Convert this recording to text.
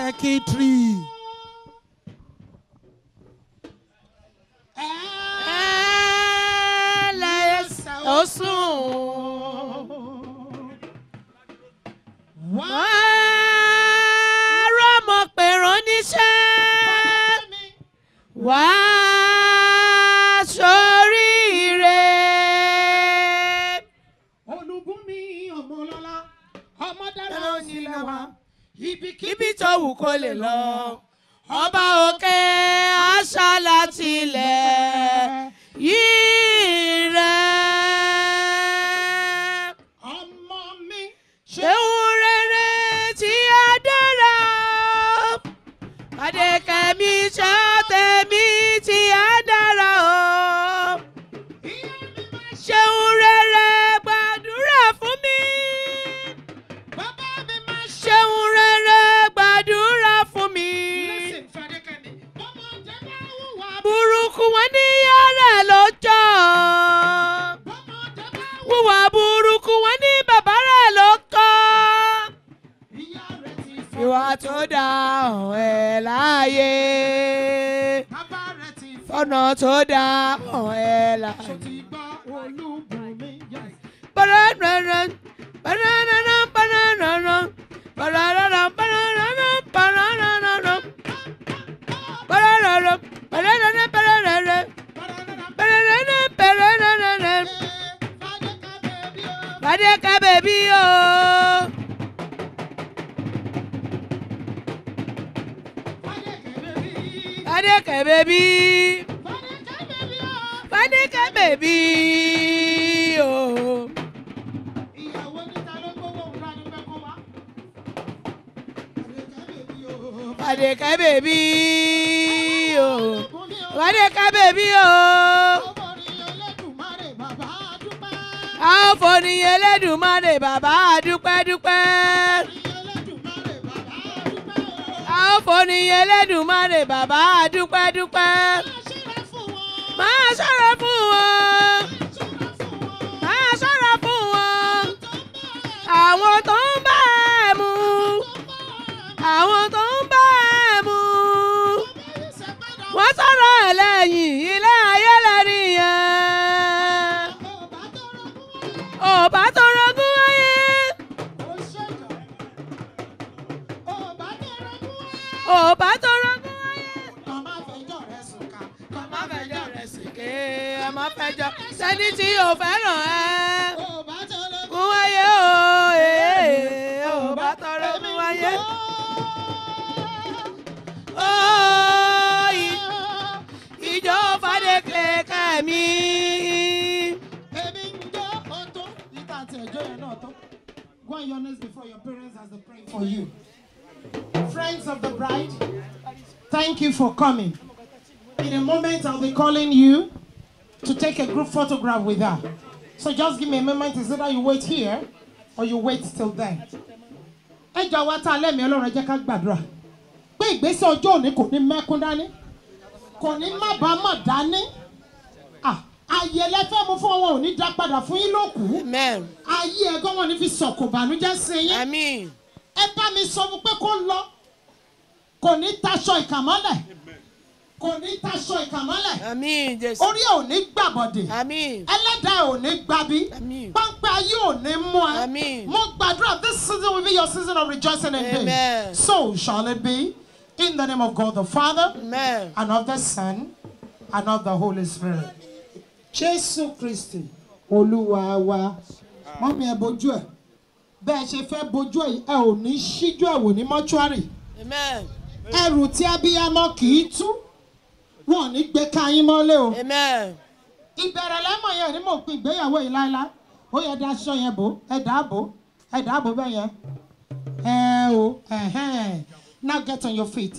secretary. Oh, so what? ibikíbi tó wù kó lè lọ. ọba òkè àṣà láti ilẹ̀ yìí rẹ̀. ọmọ mi ṣé wù. Adékẹ́mi ṣàtẹ̀. àtúndà ọ̀hún ẹ̀ láàyè. bàbá rẹ̀ ti fọ́nà tó dá ọ̀hún ẹ̀ láàyè. ṣó ti gbọ́ olúbùnmi yẹ. bàrẹ́rẹ́rẹ́ bàrẹ́rẹ́rẹ́ bàrẹ́rẹ́rẹ́ bàrẹ́rẹ́rẹ́ bàrẹ́rẹ́rẹ́ bàrẹ́rẹ́rẹ́ bàrẹ́rẹ́rẹ́ bàrẹ́rẹ́rẹ́ bàrẹ́rẹ́rẹ́ bàrẹ́rẹ́rẹ́ bàrẹ́rẹ́rẹ́ bàdékà bèbí yóò. Fadeka baby. Fadeka baby. Oh. Fadeka baby. Oh. Fadeka baby. Oh. Àwọn fòníyàn Ẹlẹ́dùmarè bàbá dúpẹ́ dúpẹ́ fòníyàn Ẹlẹ́dùmarè bàbá àdúpẹ́ dúpẹ́ máa ṣọ́ra fún wọn máa ṣọ́ra fún wọn àwọn tó ń bá ẹ mu àwọn tó ń bá ẹ mu wọ́n sọ̀rọ̀ ẹlẹ́yìn ilé. ò bá tọrọ kó wáyé. kàn má fẹjọ́ rẹ sùn ká kàn má fẹjọ́ rẹ sùn ké ẹ má fẹjọ́ sẹ́ni tí yóò fẹ́ràn ẹ. kó wáyé o ò bá tọrọ kó wáyé. ìjọ fàdékè kẹ́mi. èmi ń jó ọtọ nígbà tí ẹjọ́ yẹn náà tó go and your before your parents as they pray for you. friends of the bride, thank you for coming. In a moment, I'll be calling you to take a group photograph with her. So just give me a moment. Is either you wait here or you wait till then. Ẹ Pé ìgbésẹ̀ ọjọ́ kò ní mẹ́kún dání. Kò ní má dání. mu fún wọn dá padà fún yín lókù. wọn ní fi Ẹ bá mi sọ pé kó lọ kò ní taṣọ ìkàmọ́lẹ̀ kò ní taṣọ ìkàmọ́lẹ̀ àmín Jésù orí ò ní gbàbọ̀dè àmín ẹlẹ́dàá ò ní gbabi àmín pápá ayé ò ní mú ẹ mo gbàdúrà this season will be your season of rejoicing and pain so shall it be in the name of God the Father Amen. and of the Son and of the Holy Spirit Jésù Kristi Olúwa wa ah. mọ́mí ẹ bojú ẹ ṣe fẹ́ bojué ẹ ò shijué ṣíjú ẹ wò ní mọ́ṣúárì. Amen. ẹrù tí abiyamọ kì í tú wọn ní gbé káyín mọ́lé o. ìbẹ̀rẹ̀ lẹ́mọ̀ yẹn ni mò pin ìgbéyàwó yìí láéláé ó yẹ daṣọ yẹn bò ẹ dáàbò ẹ dáàbò bẹ́ẹ̀ yẹn ẹ o now get on your feet.